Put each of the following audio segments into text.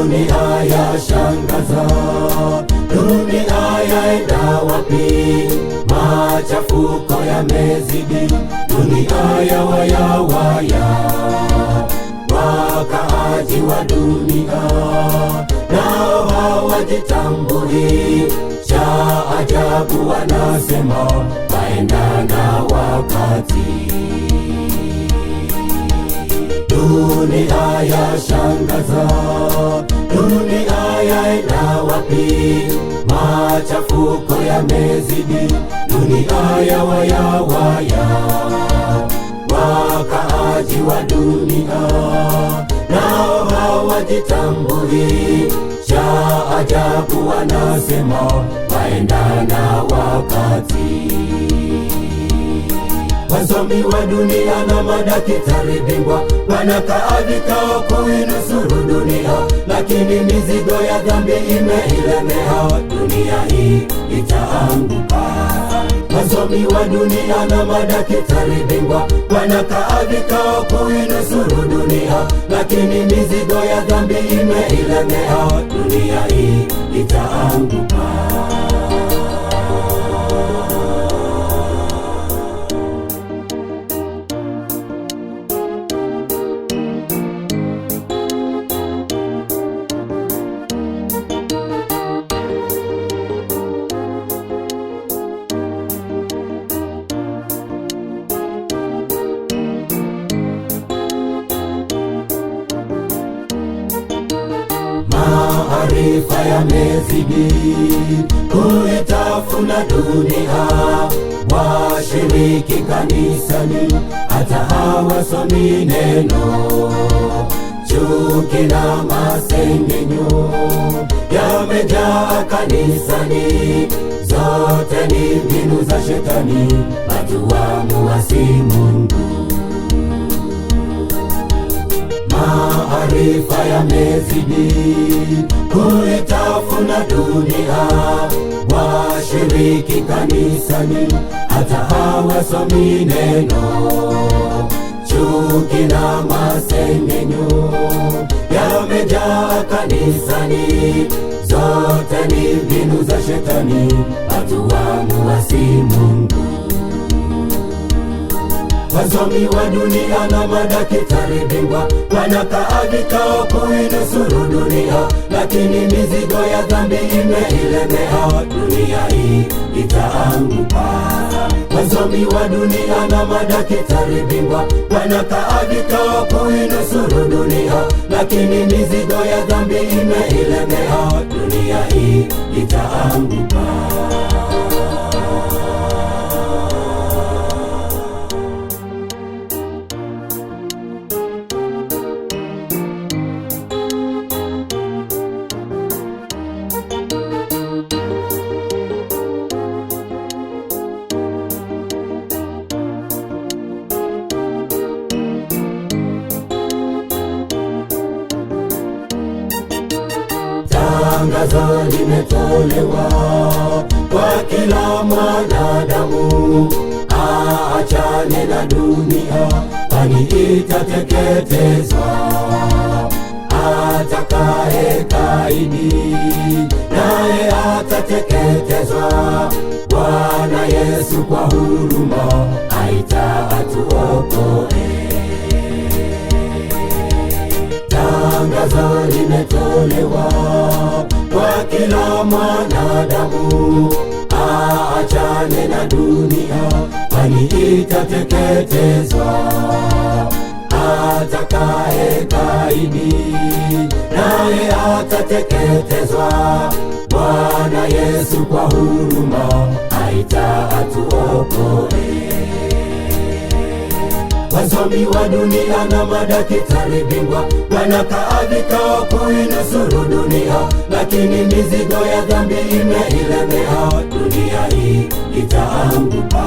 dunia ya shangaza, dunia yaenda wapi? Machafuko yamezidi, dunia ya wayawaya wakaaji wa dunia nao hawajitambui. Cha ajabu wanasema waenda na wakati Dunia ya shangaza, dunia yaenda wapi? Machafuko yamezidi, dunia ya waya waya, wakaaji wa dunia nao hawajitambui. Cha ajabu wanasema waenda na wakati wasomi wa dunia na madaktari bingwa wanakaa vikao kuinusuru dunia, lakini mizigo ya dhambi imeilemea dunia hii itaanguka. Wasomi wa dunia na madaktari bingwa wanakaa vikao kuinusuru dunia, lakini mizigo ya dhambi imeilemea dunia hii itaanguka. maarifa yamezidi kuitafuna dunia, washiriki kanisani, hata hawasomi neno. Chuki na masengenyo yamejaa kanisani, zote ni mbinu za Shetani, watu wamuasi Mungu maarifa yamezidi kuitafuna dunia, washiriki kanisani hata hawasomi neno. Chuki na masengenyo yamejaa kanisani, zote ni mbinu za Shetani, watu wasi Mungu wasomi wa dunia na madaktari bingwa wanakaa vikao kuinusuru dunia, lakini mizigo ya dhambi imeilemea dunia hii itaanguka. Wasomi wa dunia na madaktari bingwa wanakaa vikao kuinusuru dunia, lakini mizigo ya dhambi imeilemea dunia hii itaanguka. tangazo limetolewa kwa kila mwanadamu, aachane na dunia, kwani itateketezwa. Atakaye kaidi naye atateketezwa. Bwana Yesu kwa huruma aita atuokoe. Tangazo limetolewa kila mwanadamu aachane na dunia, kwani itateketezwa. Atakaye kaidi naye atateketezwa. Bwana Yesu kwa huruma aita atuokoe. Wasomi wa dunia na madaktari bingwa wanakaa vikao kuinusuru dunia, lakini mizigo ya dhambi imeilemea dunia hii itaanguka.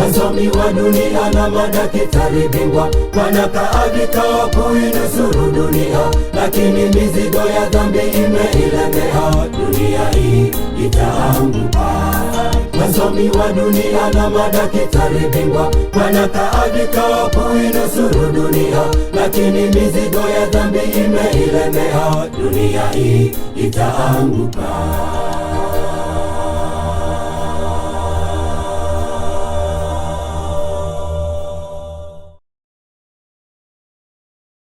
Wasomi wa dunia na madaktari bingwa wanakaa vikao kuinusuru dunia, lakini mizigo ya dhambi imeilemea dunia hii itaanguka wasomi wa dunia na madaktari bingwa wanataabika suru dunia, lakini mizigo ya dhambi imeilemea, dunia hii itaanguka.